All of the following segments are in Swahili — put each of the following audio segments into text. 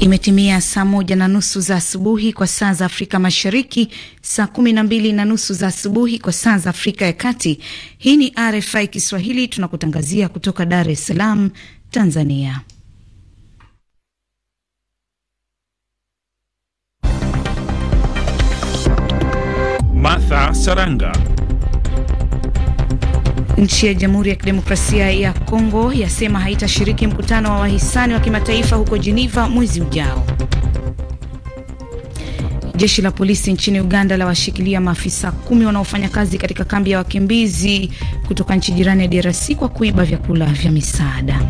Imetimia saa moja na nusu za asubuhi kwa saa za Afrika Mashariki, saa kumi na mbili na nusu za asubuhi kwa saa za Afrika ya Kati. Hii ni RFI Kiswahili, tunakutangazia kutoka Dar es Salaam, Tanzania. Martha Saranga. Nchi ya Jamhuri ya Kidemokrasia ya Kongo yasema haitashiriki mkutano wa wahisani wa kimataifa huko Geneva mwezi ujao. Jeshi la polisi nchini Uganda la washikilia maafisa kumi wanaofanya kazi katika kambi ya wakimbizi kutoka nchi jirani ya DRC kwa kuiba vyakula vya misaada.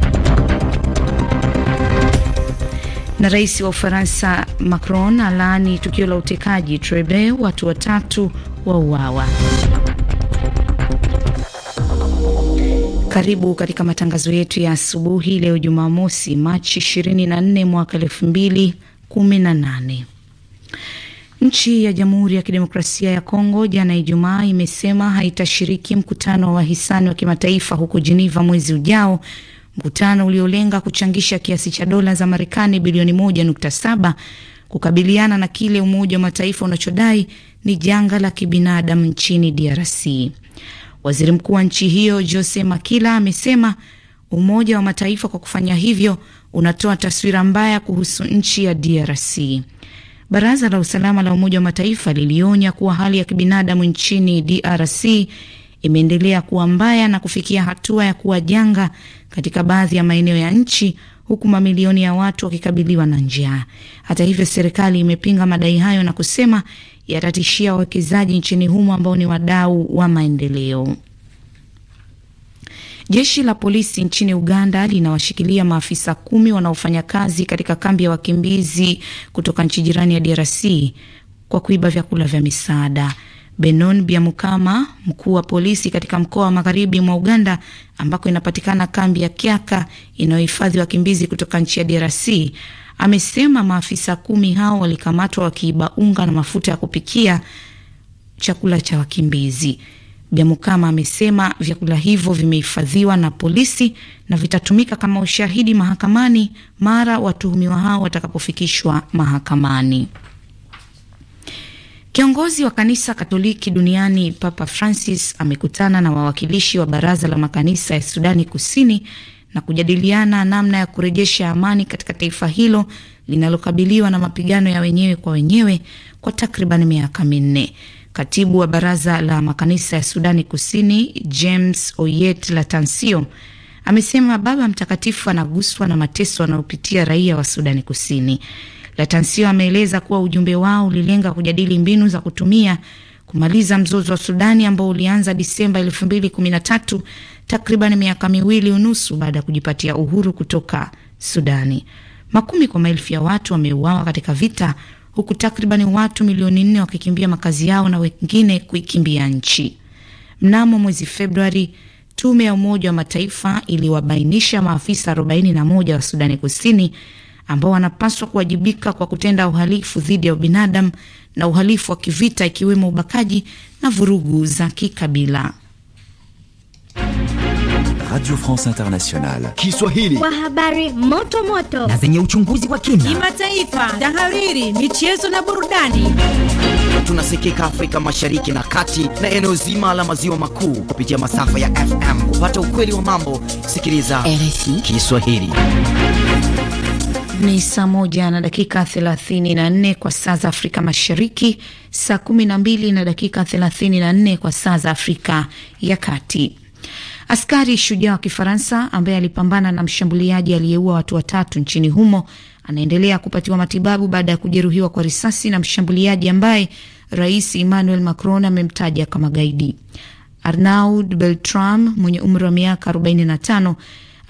Na rais wa Ufaransa Macron alaani tukio la utekaji Trebe, watu watatu wauawa. Karibu katika matangazo yetu ya asubuhi leo Jumamosi, Machi 24 mwaka 2018. Nchi ya Jamhuri ya Kidemokrasia ya Kongo jana Ijumaa imesema haitashiriki mkutano wa wahisani wa kimataifa huko Geneva mwezi ujao, mkutano uliolenga kuchangisha kiasi cha dola za Marekani bilioni 1.7 kukabiliana na kile Umoja wa Mataifa unachodai ni janga la kibinadamu nchini DRC. Waziri mkuu wa nchi hiyo Jose Makila amesema Umoja wa Mataifa kwa kufanya hivyo unatoa taswira mbaya kuhusu nchi ya DRC. Baraza la Usalama la Umoja wa Mataifa lilionya kuwa hali ya kibinadamu nchini DRC imeendelea kuwa mbaya na kufikia hatua ya kuwa janga katika baadhi ya maeneo ya nchi huku mamilioni ya watu wakikabiliwa na njaa. Hata hivyo, serikali imepinga madai hayo na kusema yatatishia wawekezaji nchini humo ambao ni wadau wa maendeleo. Jeshi la polisi nchini Uganda linawashikilia maafisa kumi wanaofanya kazi katika kambi ya wakimbizi kutoka nchi jirani ya DRC kwa kuiba vyakula vya misaada. Benon biamukama mkuu wa polisi katika mkoa wa magharibi mwa Uganda ambako inapatikana kambi ya kiaka inayohifadhi wakimbizi kutoka nchi ya DRC, amesema maafisa kumi hao walikamatwa wakiiba unga na mafuta ya kupikia chakula cha wakimbizi. biamukama amesema vyakula hivyo vimehifadhiwa na polisi na vitatumika kama ushahidi mahakamani mara watuhumiwa hao watakapofikishwa mahakamani. Kiongozi wa kanisa Katoliki duniani Papa Francis amekutana na wawakilishi wa baraza la makanisa ya Sudani Kusini na kujadiliana namna ya kurejesha amani katika taifa hilo linalokabiliwa na mapigano ya wenyewe kwa wenyewe kwa takriban miaka minne. Katibu wa baraza la makanisa ya Sudani Kusini James Oyet Latansio amesema Baba Mtakatifu anaguswa na mateso anaopitia raia wa Sudani Kusini. Latansio ameeleza kuwa ujumbe wao ulilenga kujadili mbinu za kutumia kumaliza mzozo wa Sudani ambao ulianza Disemba 2013 takriban miaka miwili unusu baada ya kujipatia uhuru kutoka Sudani. Makumi kwa maelfu ya watu wameuawa katika vita, huku takribani watu milioni nne wakikimbia makazi yao na wengine kuikimbia nchi. Mnamo mwezi Februari, tume ya Umoja wa Mataifa iliwabainisha maafisa 41 wa Sudani Kusini ambao wanapaswa kuwajibika kwa kutenda uhalifu dhidi ya ubinadamu na uhalifu wa kivita ikiwemo ubakaji na vurugu za kikabila. Radio France Internationale Kiswahili, kwa habari moto moto na zenye uchunguzi wa kina, kimataifa, tahariri, michezo na burudani. Tunasikika Afrika Mashariki na Kati na eneo zima la maziwa makuu kupitia masafa ya FM. Kupata ukweli wa mambo, sikiliza RFI Kiswahili. Ni saa moja na dakika thelathini na nne kwa saa za Afrika Mashariki, saa kumi na mbili na dakika thelathini na nne kwa saa za Afrika ya Kati. Askari shujaa wa Kifaransa ambaye alipambana na mshambuliaji aliyeua watu watatu nchini humo anaendelea kupatiwa matibabu baada ya kujeruhiwa kwa risasi na mshambuliaji ambaye Rais Emmanuel Macron amemtaja kama gaidi. Arnaud Beltram mwenye umri wa miaka 45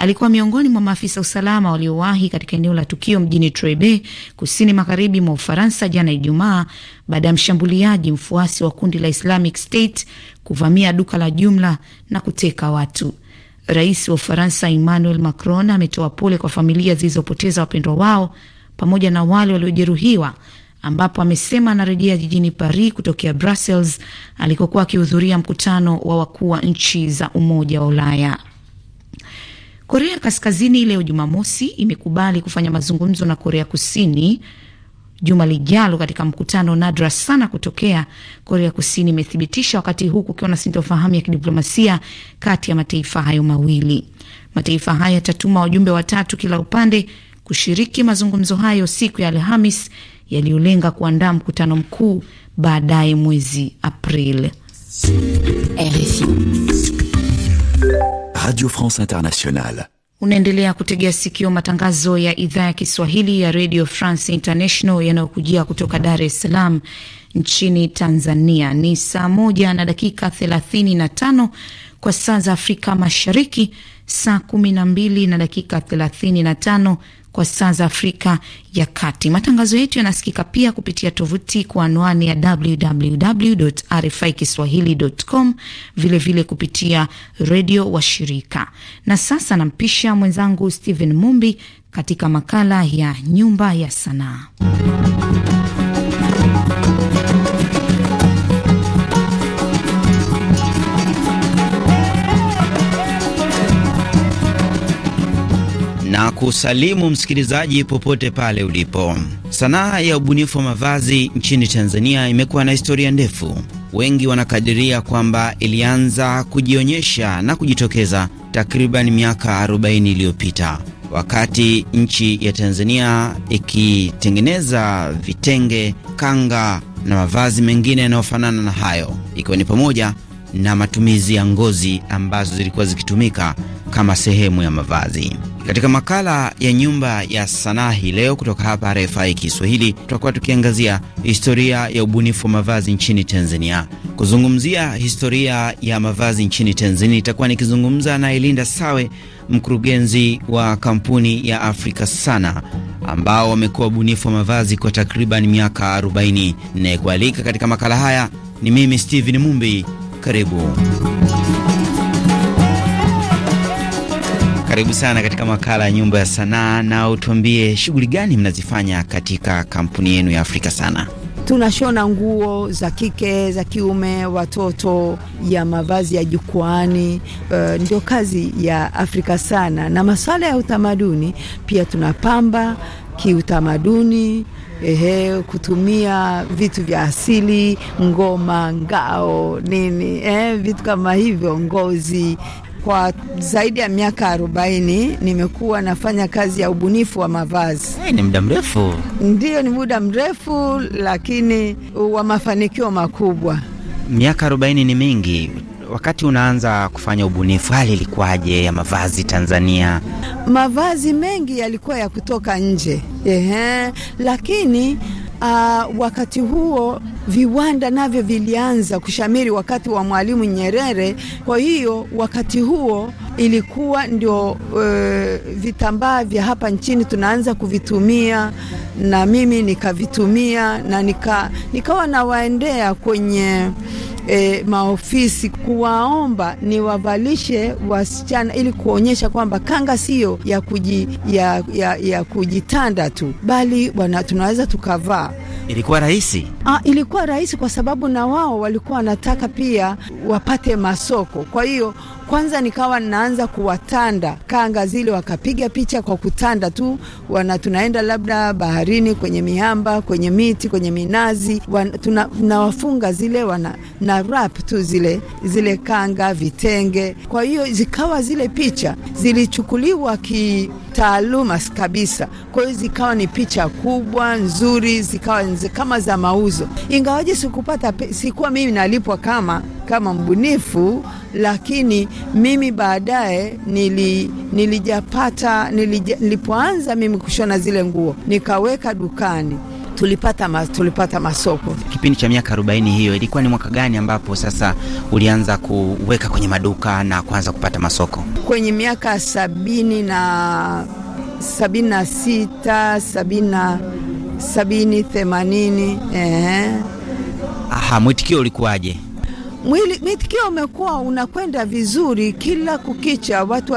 alikuwa miongoni mwa maafisa usalama waliowahi katika eneo la tukio mjini Trebe, kusini magharibi mwa Ufaransa jana Ijumaa, baada ya mshambuliaji mfuasi wa kundi la Islamic State kuvamia duka la jumla na kuteka watu. Rais wa Ufaransa Emmanuel Macron ametoa pole kwa familia zilizopoteza wapendwa wao pamoja na wale waliojeruhiwa, ambapo amesema anarejea jijini Paris kutokea Brussels alikokuwa akihudhuria mkutano wa wakuu wa nchi za Umoja wa Ulaya. Korea Kaskazini leo Jumamosi imekubali kufanya mazungumzo na Korea Kusini juma lijalo katika mkutano nadra sana kutokea. Korea Kusini imethibitisha wakati huu kukiwa na sintofahamu ya kidiplomasia kati ya mataifa hayo mawili. Mataifa hayo yatatuma wajumbe watatu kila upande kushiriki mazungumzo hayo siku ya Alhamis yaliyolenga kuandaa mkutano mkuu baadaye mwezi Aprili. Radio France Internationale. Unaendelea kutegea sikio matangazo ya idhaa ya Kiswahili ya Radio France International yanayokujia kutoka Dar es Salaam nchini Tanzania. Ni saa moja na dakika thelathini na tano kwa saa za Afrika Mashariki, saa kumi na mbili na dakika thelathini na tano kwa saa za Afrika ya Kati. Matangazo yetu yanasikika pia kupitia tovuti kwa anwani ya www RFI kiswahilicom, vilevile kupitia redio wa shirika. Na sasa nampisha mwenzangu Stephen Mumbi katika makala ya Nyumba ya Sanaa. na kusalimu msikilizaji popote pale ulipo. Sanaa ya ubunifu wa mavazi nchini Tanzania imekuwa na historia ndefu. Wengi wanakadiria kwamba ilianza kujionyesha na kujitokeza takriban miaka 40 iliyopita wakati nchi ya Tanzania ikitengeneza vitenge, kanga na mavazi mengine yanayofanana na hayo, ikiwa ni pamoja na matumizi ya ngozi ambazo zilikuwa zikitumika kama sehemu ya mavazi. Katika makala ya nyumba ya sanaa hii leo kutoka hapa RFI Kiswahili, tutakuwa tukiangazia historia ya ubunifu wa mavazi nchini Tanzania. Kuzungumzia historia ya mavazi nchini Tanzania, itakuwa nikizungumza na Elinda Sawe, mkurugenzi wa kampuni ya Afrika Sana, ambao wamekuwa ubunifu wa mavazi kwa takriban miaka 40. Nayekualika katika makala haya ni mimi Steven Mumbi. Karibu. Karibu sana katika makala ya nyumba ya sanaa, na utuambie shughuli gani mnazifanya katika kampuni yenu ya Afrika Sana? Tunashona nguo za kike, za kiume, watoto, ya mavazi ya jukwani. Uh, eh, ndio kazi ya Afrika Sana, na masuala ya utamaduni pia tunapamba kiutamaduni ehe, kutumia vitu vya asili, ngoma, ngao, nini, eh, vitu kama hivyo, ngozi kwa zaidi ya miaka 40 nimekuwa nafanya kazi ya ubunifu wa mavazi. Hey, eh, ni muda mrefu. Ndiyo, ni muda mrefu lakini wa mafanikio makubwa. Miaka 40 ni mingi. Wakati unaanza kufanya ubunifu, hali ilikuwaje ya mavazi Tanzania? Mavazi mengi yalikuwa ya kutoka nje. Ehe, lakini Uh, wakati huo viwanda navyo vilianza kushamiri wakati wa Mwalimu Nyerere. Kwa hiyo wakati huo ilikuwa ndio uh, vitambaa vya hapa nchini tunaanza kuvitumia, na mimi nikavitumia na nika, nikawa nawaendea kwenye e, maofisi kuwaomba ni wavalishe wasichana ili kuonyesha kwamba kanga siyo ya, kuji, ya, ya, ya kujitanda tu, bali wana, tunaweza tukavaa Ilikuwa rahisi? Ah, ilikuwa rahisi kwa sababu na wao walikuwa wanataka pia wapate masoko. Kwa hiyo kwanza nikawa ninaanza kuwatanda kanga zile, wakapiga picha kwa kutanda tu, wana tunaenda labda baharini, kwenye miamba, kwenye miti, kwenye minazi, tunawafunga zile wana, na rap tu zile zile kanga, vitenge. Kwa hiyo zikawa zile picha zilichukuliwa kitaaluma kabisa, kwa hiyo zikawa ni picha kubwa nzuri, zikawa kama za mauzo, ingawaje sikupata, sikuwa mimi nalipwa kama kama mbunifu, lakini mimi baadaye nili, nilijapata nilija, nilipoanza mimi kushona zile nguo nikaweka dukani tulipata, ma, tulipata masoko. Kipindi cha miaka 40 hiyo, ilikuwa ni mwaka gani ambapo sasa ulianza kuweka kwenye maduka na kuanza kupata masoko? Kwenye miaka sabini na sabini na sita sabini na sabini, themanini. Ehe. Aha, mwitikio ulikuwaje? Mwitikio umekuwa unakwenda vizuri kila kukicha, watu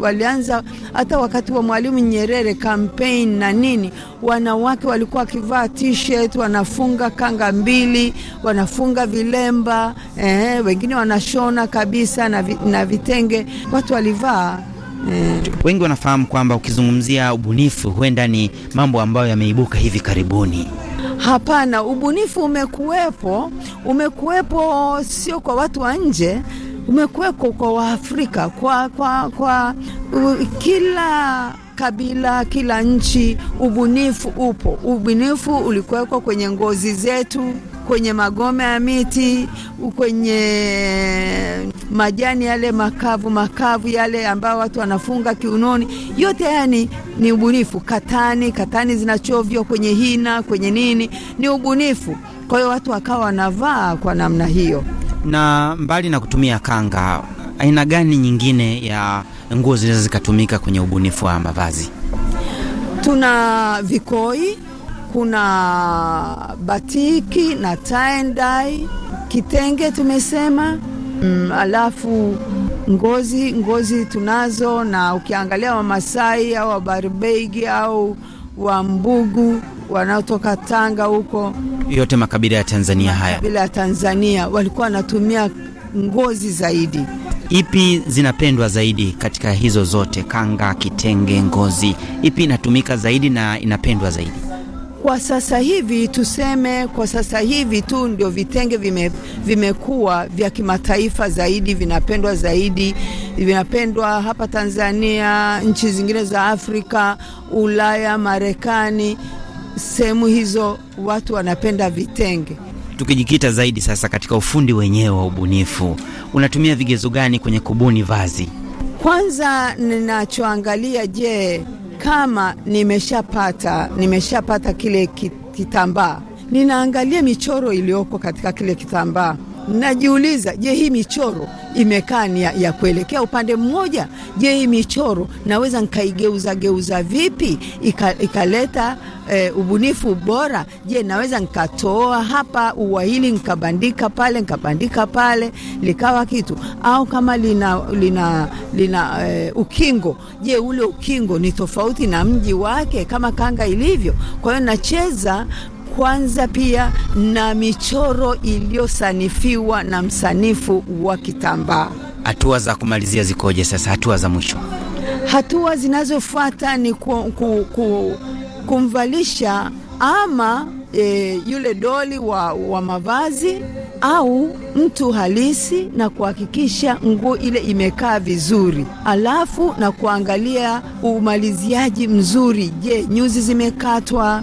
walianza hata wakati wa Mwalimu Nyerere kampeni na nini, wanawake walikuwa wakivaa t-shirt, wanafunga kanga mbili, wanafunga vilemba eh, wengine wanashona kabisa na, vi, na vitenge watu walivaa Mm. Wengi wanafahamu kwamba ukizungumzia ubunifu huenda ni mambo ambayo yameibuka hivi karibuni. Hapana, ubunifu umekuwepo, umekuwepo sio kwa watu wa nje, umekuwepo kwa Waafrika, kwa, kwa, kwa u, kila kabila kila nchi, ubunifu upo. Ubunifu ulikuwekwa kwenye ngozi zetu kwenye magome ya miti, kwenye majani yale makavu makavu yale ambayo watu wanafunga kiunoni. Yote haya ni ubunifu. Katani, katani zinachovyo kwenye hina, kwenye nini, ni ubunifu. Kwa hiyo watu wakawa wanavaa kwa namna hiyo. Na mbali na kutumia kanga, aina gani nyingine ya nguo zinaweza zikatumika kwenye ubunifu wa mavazi? Tuna vikoi kuna batiki na taendai kitenge tumesema mm, alafu ngozi ngozi tunazo, na ukiangalia Wamasai au Wabarbeigi au Wambugu wanaotoka Tanga huko, yote makabila ya Tanzania haya, makabila ya Tanzania walikuwa wanatumia ngozi zaidi. Ipi zinapendwa zaidi katika hizo zote, kanga, kitenge, ngozi? Ipi inatumika zaidi na inapendwa zaidi? Kwa sasa hivi tuseme, kwa sasa hivi tu ndio vitenge vime, vimekuwa vya kimataifa zaidi, vinapendwa zaidi, vinapendwa hapa Tanzania, nchi zingine za Afrika, Ulaya, Marekani, sehemu hizo watu wanapenda vitenge. Tukijikita zaidi sasa katika ufundi wenyewe wa ubunifu, unatumia vigezo gani kwenye kubuni vazi? Kwanza ninachoangalia, je, kama nimeshapata nimeshapata kile kitambaa, ninaangalia michoro iliyoko katika kile kitambaa Najiuliza, je, hii michoro imekaa ni ya, ya kuelekea upande mmoja? Je, hii michoro naweza nkaigeuza geuza vipi ikaleta e, ubunifu bora? Je, naweza nkatoa hapa ua hili nkabandika pale nkabandika pale likawa kitu, au kama lina, lina, lina e, ukingo, je ule ukingo ni tofauti na mji wake kama kanga ilivyo? Kwa hiyo nacheza kwanza pia na michoro iliyosanifiwa na msanifu wa kitambaa. Hatua za kumalizia zikoje sasa? Hatua za mwisho, hatua zinazofuata ni ku, ku, ku, kumvalisha ama e, yule doli wa, wa mavazi au mtu halisi na kuhakikisha nguo ile imekaa vizuri, alafu na kuangalia umaliziaji mzuri. Je, nyuzi zimekatwa?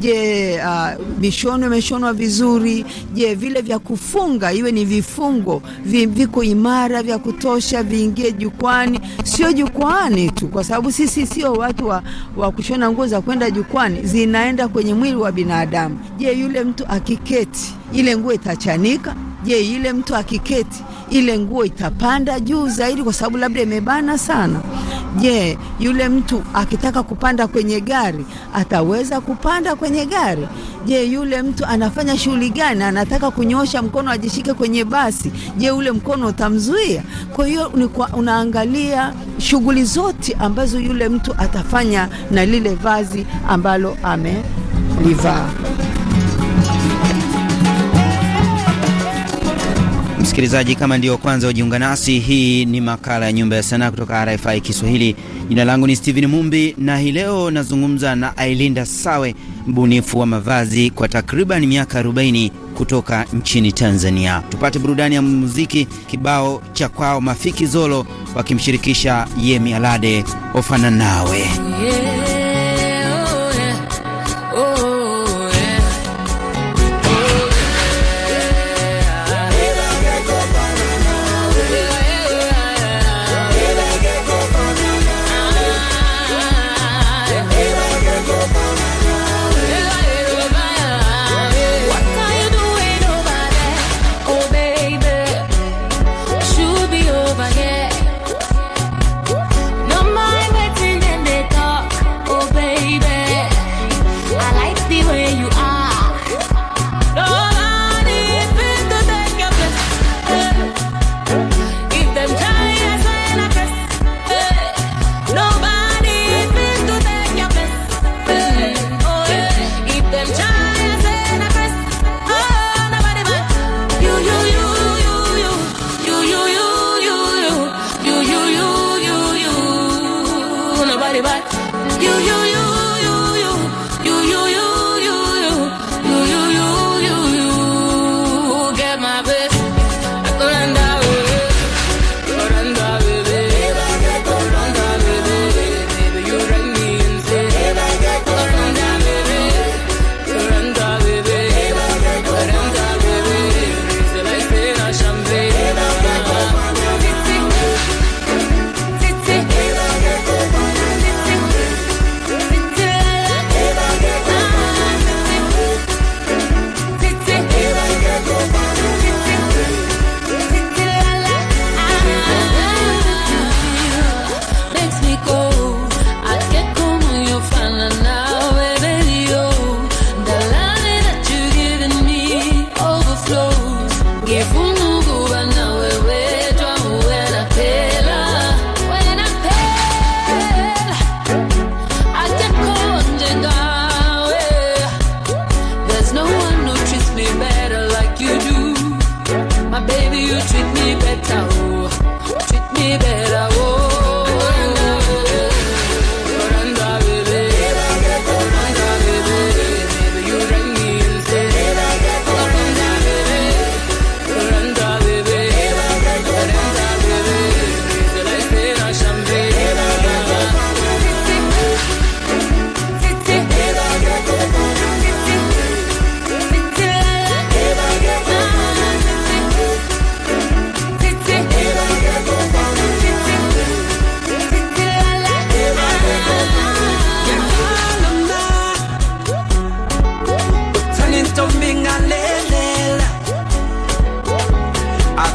Je, uh, mishono imeshonwa vizuri? Je, vile vya kufunga iwe ni vifungo viko imara vya kutosha, viingie jukwani, sio jukwani tu, kwa sababu sisi sio watu wa, wa kushona nguo za kwenda jukwani, zinaenda kwenye mwili wa binadamu. Je, yule mtu akiketi ile nguo itachanika? Je, yule mtu akiketi ile nguo itapanda juu zaidi, kwa sababu labda imebana sana. Je, yule mtu akitaka kupanda kwenye gari ataweza kupanda kwenye gari? Je, yule mtu anafanya shughuli gani? Anataka kunyosha mkono ajishike kwenye basi, je, ule mkono utamzuia? Kwa hiyo unaangalia shughuli zote ambazo yule mtu atafanya na lile vazi ambalo amelivaa. Msikilizaji, kama ndio kwanza ujiunga nasi, hii ni makala ya Nyumba ya Sanaa kutoka RFI Kiswahili. Jina langu ni Steven Mumbi na hii leo nazungumza na Ailinda Sawe, mbunifu wa mavazi kwa takriban miaka 40 kutoka nchini Tanzania. Tupate burudani ya muziki kibao cha kwao Mafiki Zolo wakimshirikisha Yemi Alade, ofana nawe yeah. body, but you, you.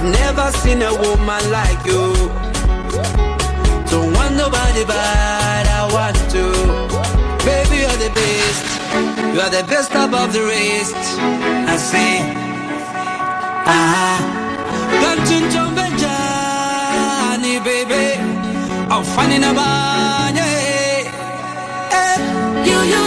I've never seen a woman like you. Don't want nobody but I want to. Baby, you're the best. You are the best above the rest. I say, ah, Gantin Jani, baby. I'm funny about you, you.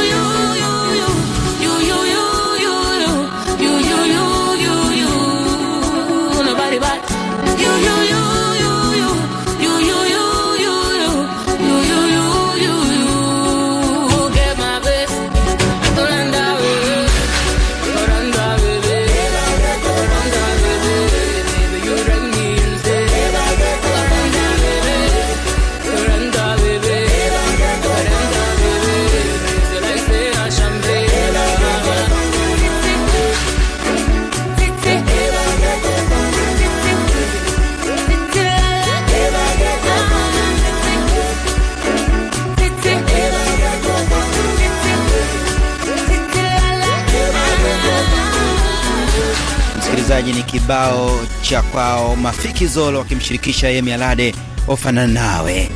msikilizaji, ni kibao cha kwao Mafiki Zolo wakimshirikisha Yemi Alade ofana nawe,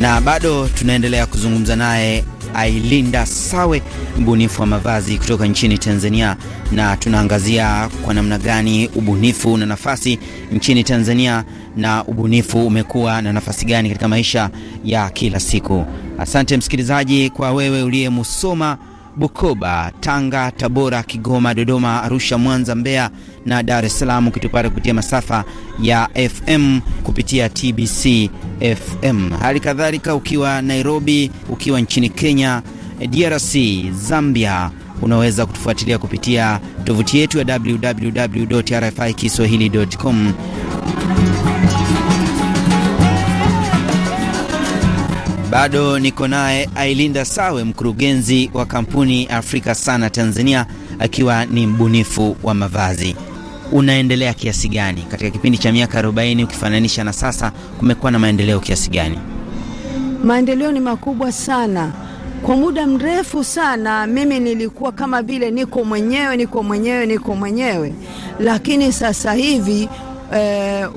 na bado tunaendelea kuzungumza naye Ailinda Sawe, mbunifu wa mavazi kutoka nchini Tanzania, na tunaangazia kwa namna gani ubunifu una nafasi nchini Tanzania na ubunifu umekuwa na nafasi gani katika maisha ya kila siku. Asante msikilizaji kwa wewe uliyemusoma Bukoba, Tanga, Tabora, Kigoma, Dodoma, Arusha, Mwanza, Mbeya na Dar es Salaam, ukitupata kupitia masafa ya FM kupitia TBC FM. Hali kadhalika ukiwa Nairobi, ukiwa nchini Kenya, DRC, Zambia, unaweza kutufuatilia kupitia tovuti yetu ya www.rfikiswahili.com. Bado niko naye Ailinda Sawe, mkurugenzi wa kampuni Afrika Sana Tanzania, akiwa ni mbunifu wa mavazi. Unaendelea kiasi gani katika kipindi cha miaka 40 ukifananisha na sasa? Kumekuwa na maendeleo kiasi gani? Maendeleo ni makubwa sana. Kwa muda mrefu sana mimi nilikuwa kama vile niko mwenyewe, niko mwenyewe, niko mwenyewe, lakini sasa hivi eh,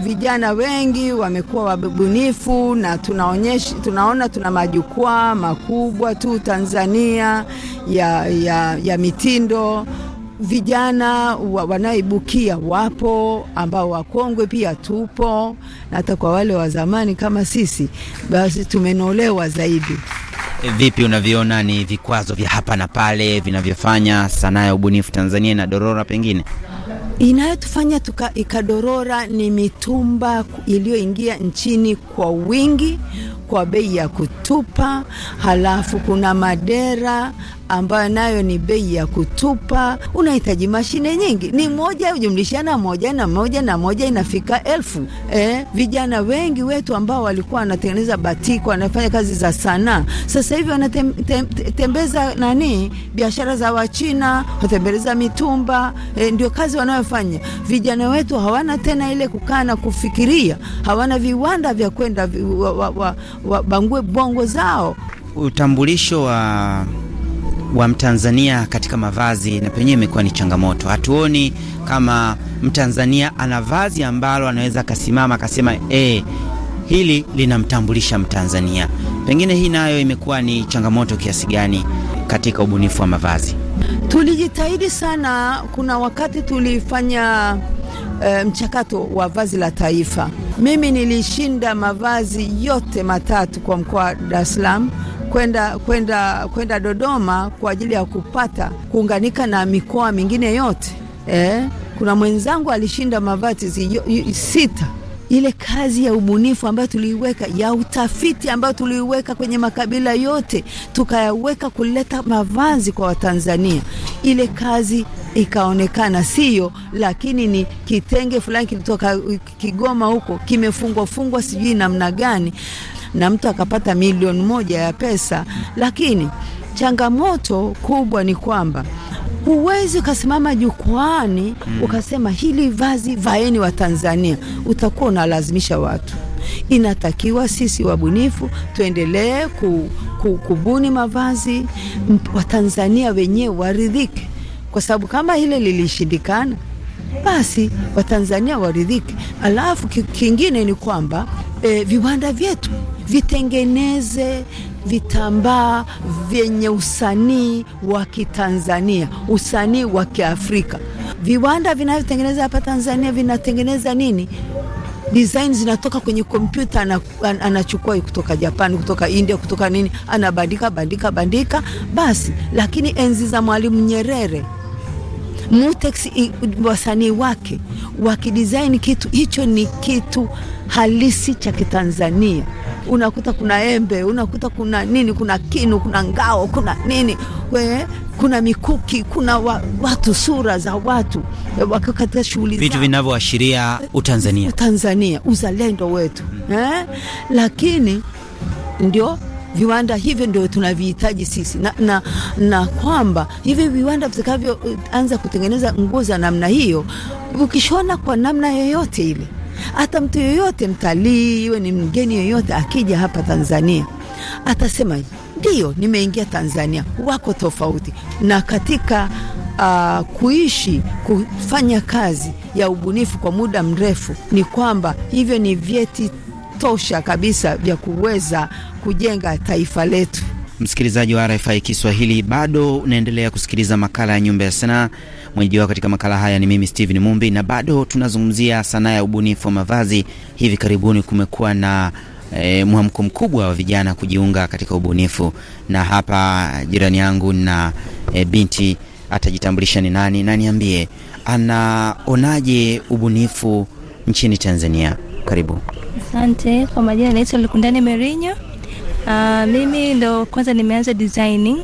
vijana wengi wamekuwa wabunifu na tunaonyesha, tunaona tuna majukwaa makubwa tu Tanzania ya, ya, ya mitindo vijana wa, wanaoibukia wapo, ambao wakongwe pia tupo, na hata kwa wale wa zamani kama sisi, basi tumenolewa zaidi. Vipi unaviona ni vikwazo vya hapa na pale vinavyofanya sanaa ya ubunifu Tanzania na dorora pengine? Inayotufanya tuka ikadorora ni mitumba iliyoingia nchini kwa wingi kwa bei ya kutupa, halafu kuna madera ambayo nayo ni bei ya kutupa. Unahitaji mashine nyingi, ni moja ujumlishana moja na moja na moja inafika elfu. Eh, vijana wengi wetu ambao walikuwa wanatengeneza batiko, wanafanya kazi za sanaa, sasa hivi wanatembeza tem, nani biashara za Wachina, watembeleza mitumba eh, ndio kazi wanayofanya vijana wetu. Hawana tena ile kukaa na kufikiria, hawana viwanda vya kwenda wabangue wa, wa, wa, bongo zao. Utambulisho wa wa Mtanzania katika mavazi na penyewe imekuwa ni changamoto. Hatuoni kama Mtanzania ana vazi ambalo anaweza akasimama akasema e, hili linamtambulisha Mtanzania. Pengine hii nayo imekuwa ni changamoto kiasi gani katika ubunifu wa mavazi? Tulijitahidi sana, kuna wakati tulifanya e, mchakato wa vazi la taifa. Mimi nilishinda mavazi yote matatu kwa mkoa wa Dar es Salaam kwenda kwenda kwenda Dodoma kwa ajili ya kupata kuunganika na mikoa mingine yote eh. Kuna mwenzangu alishinda mavati sita. Ile kazi ya ubunifu ambayo tuliiweka, ya utafiti ambayo tuliiweka kwenye makabila yote, tukayaweka kuleta mavazi kwa Watanzania, ile kazi ikaonekana siyo, lakini ni kitenge fulani kilitoka Kigoma huko kimefungwa fungwa, sijui namna gani na mtu akapata milioni moja ya pesa, lakini changamoto kubwa ni kwamba huwezi ukasimama jukwani mm. ukasema hili vazi vaeni wa Tanzania, utakuwa unalazimisha watu. Inatakiwa sisi wabunifu tuendelee ku, ku, kubuni mavazi Watanzania wenyewe waridhike, kwa sababu kama hile lilishindikana, basi Watanzania waridhike. Alafu kingine ni kwamba e, viwanda vyetu vitengeneze vitambaa vyenye usanii wa Kitanzania, usanii wa Kiafrika. Viwanda vinavyotengeneza hapa Tanzania vinatengeneza nini? Design zinatoka kwenye kompyuta, anachukua kutoka Japani, kutoka India, kutoka nini, anabandika bandika bandika basi. Lakini enzi za Mwalimu Nyerere, Mutex wasanii wake wakidesign kitu hicho, ni kitu halisi cha Kitanzania unakuta kuna embe, unakuta kuna nini, kuna kinu, kuna ngao, kuna nini we, kuna mikuki, kuna wa, watu, sura za watu eh, wako katika shughuli, vitu vinavyoashiria Utanzania, Utanzania, uzalendo wetu mm. eh? Lakini ndio viwanda hivyo ndio tunavihitaji sisi na, na, na kwamba hivi viwanda vitakavyoanza kutengeneza nguo za namna hiyo, ukishona kwa namna yoyote ile hata mtu yoyote, mtalii iwe ni mgeni yoyote, akija hapa Tanzania atasema ndiyo, nimeingia Tanzania. Wako tofauti na katika Uh, kuishi kufanya kazi ya ubunifu kwa muda mrefu, ni kwamba hivyo ni vyeti tosha kabisa vya kuweza kujenga taifa letu. Msikilizaji wa RFI Kiswahili, bado unaendelea kusikiliza makala ya Nyumba ya Sanaa. Mwenyeji wao katika makala haya ni mimi Steven Mumbi, na bado tunazungumzia sanaa ya ubunifu wa mavazi. Hivi karibuni kumekuwa na e, mwamko mkubwa wa vijana kujiunga katika ubunifu, na hapa jirani yangu na e, binti atajitambulisha ni nani na niambie anaonaje ubunifu nchini Tanzania. Karibu. Asante. Kwa majina naitwa Lukundani Merinyo Uh, mimi ndo kwanza nimeanza designing.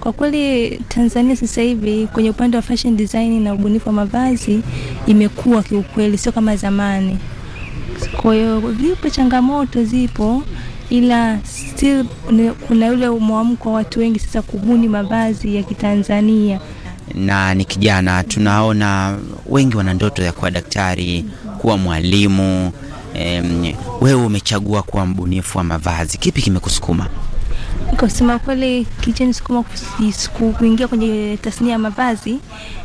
Kwa kweli Tanzania sasa hivi kwenye upande wa fashion design na ubunifu wa mavazi imekuwa kiukweli, sio kama zamani. Kwa hiyo zipo changamoto, zipo ila still kuna yule mwamko wa watu wengi sasa kubuni mavazi ya Kitanzania na ni kijana, tunaona wengi wana ndoto ya kuwa daktari, kuwa mwalimu wewe umechagua kuwa mbunifu wa mavazi, kipi kimekusukuma? Kusema kweli, kilichonisukuma kuingia kwenye tasnia ya mavazi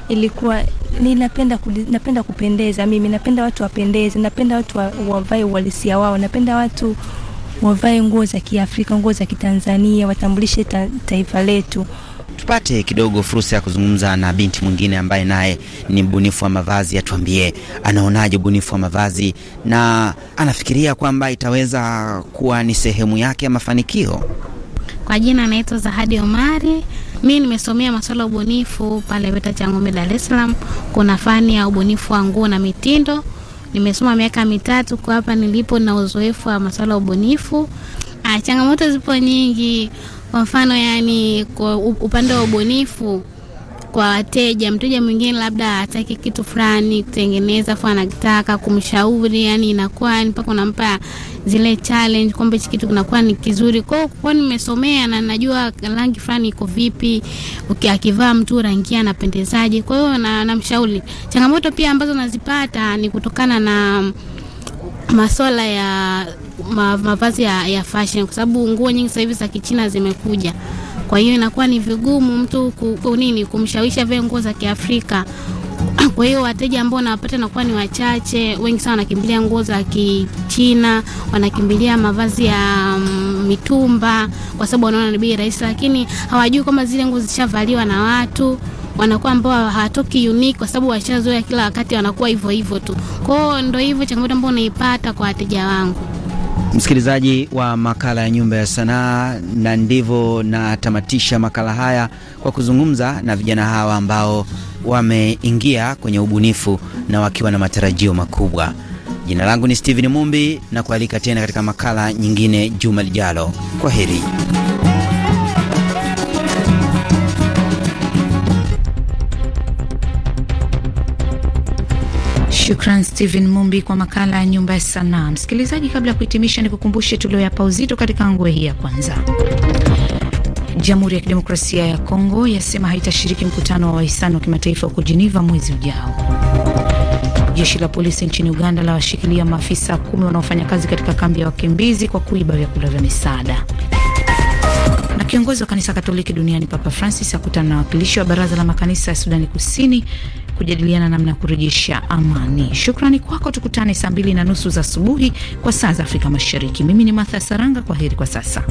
ilikuwa ninapenda napenda kupendeza. Mimi napenda watu wapendeze, napenda watu wa, wavae uhalisia wao, napenda watu wavae nguo za Kiafrika, nguo za Kitanzania, watambulishe ta, taifa letu tupate kidogo fursa ya kuzungumza na binti mwingine ambaye naye ni mbunifu wa mavazi, atuambie anaonaje ubunifu wa mavazi na anafikiria kwamba itaweza kuwa ni sehemu yake ya mafanikio. Kwa jina anaitwa Zahadi Omari. Mi nimesomea masuala ya ubunifu pale VETA Changombe, Dar es Salaam. Kuna fani ya ubunifu wa nguo na mitindo. Nimesoma miaka mitatu kwa hapa nilipo na uzoefu wa masuala ya ubunifu. Ah, changamoto zipo nyingi. Kwa mfano, yani kwa upande wa ubunifu kwa wateja, mteja mwingine labda atake kitu fulani kutengeneza, afu anataka kumshauri, yani inakuwa mpaka unampa zile challenge kwamba hichi kitu kinakuwa ni kizuri kwao, kwa nimesomea na najua rangi fulani iko vipi, akivaa mtu rangi anapendezaje. Kwa hiyo na namshauri. Changamoto pia ambazo nazipata ni kutokana na masuala ya mavazi ya, ya fashion, kwa sababu nguo nyingi sasa hivi za Kichina zimekuja. Kwa hiyo inakuwa ni vigumu mtu ku, nini kumshawisha vile nguo za Kiafrika. Kwa hiyo wateja ambao nawapata nakuwa ni wachache, wengi sana wanakimbilia nguo za Kichina, wanakimbilia mavazi ya um, mitumba kwa sababu wanaona ni bei rahisi, lakini hawajui kwamba zile nguo zishavaliwa na watu wanakuwa ambao hawatoki unique kwa sababu washazoea kila wakati wanakuwa hivyo hivyo tu. Kwao ndio hivyo changamoto ambayo naipata kwa wateja wangu msikilizaji wa makala ya Nyumba ya Sanaa, na ndivyo natamatisha makala haya kwa kuzungumza na vijana hawa ambao wameingia kwenye ubunifu na wakiwa na matarajio makubwa. Jina langu ni stehen Mumbi na kualika tena katika makala nyingine juma lijalo. Kwa heri. Shukran Stephen Mumbi kwa makala ya nyumba ya sanaa. Msikilizaji, kabla ya kuhitimisha, ni kukumbushe tulioyapa uzito katika ngwe hii ya kwanza. Jamhuri ya Kidemokrasia ya Kongo yasema haitashiriki mkutano wa wahisani wa kimataifa huko jeniva mwezi ujao. Jeshi la polisi nchini Uganda la washikilia maafisa kumi wanaofanya kazi katika kambi ya wakimbizi kwa kuiba vyakula vya misaada. Na kiongozi wa kanisa Katoliki duniani Papa Francis akutana na wakilishi wa baraza la makanisa ya Sudani Kusini kujadiliana namna ya kurejesha amani. Shukrani kwako, tukutane saa mbili na nusu za asubuhi kwa saa za Afrika Mashariki. Mimi ni Martha Saranga, kwa heri kwa sasa.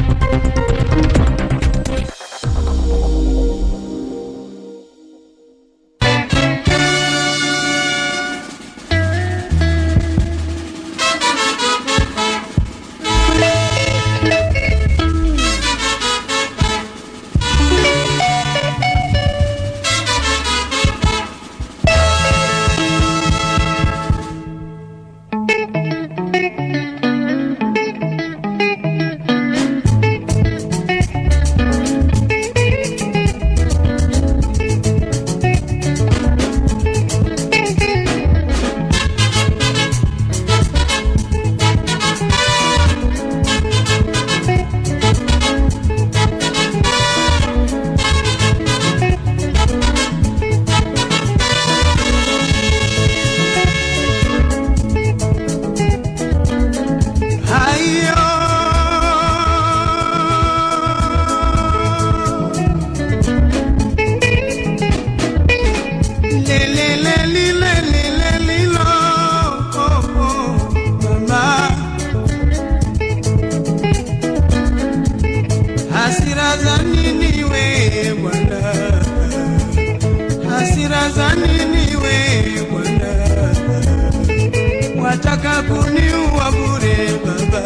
wataka kuniua bure baba,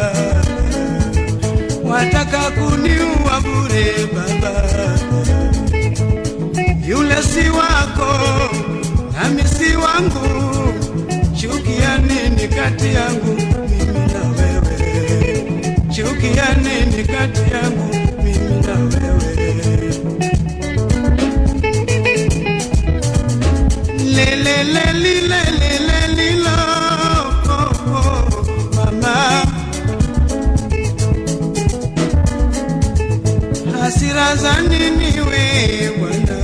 wataka kuniua bure baba, yule si wako nami si wangu, chukia nini kati yangu mimi na wewe? Chukia nini kati yangu mimi na wewe? lelelelilele Hasira za nini we Bwana,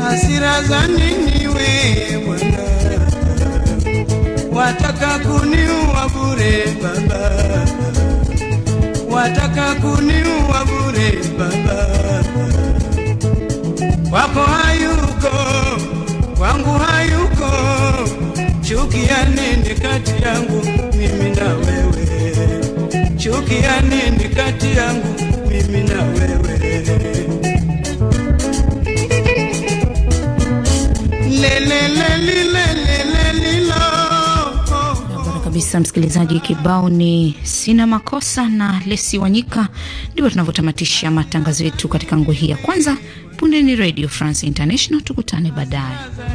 hasira za nini we Bwana, wataka kuniua bure Baba, wataka kuniua bure Baba, wako hayuko wangu hayuko, chuki ya nini kati yangu mimi na wewe, chuki ya nini kati yangu mimi na wewe kabisa msikilizaji, kibao ni sina makosa na Lesi Wanyika. Ndivyo tunavyotamatisha matangazo yetu katika nguo hii ya kwanza. Punde ni Radio France International, tukutane baadaye.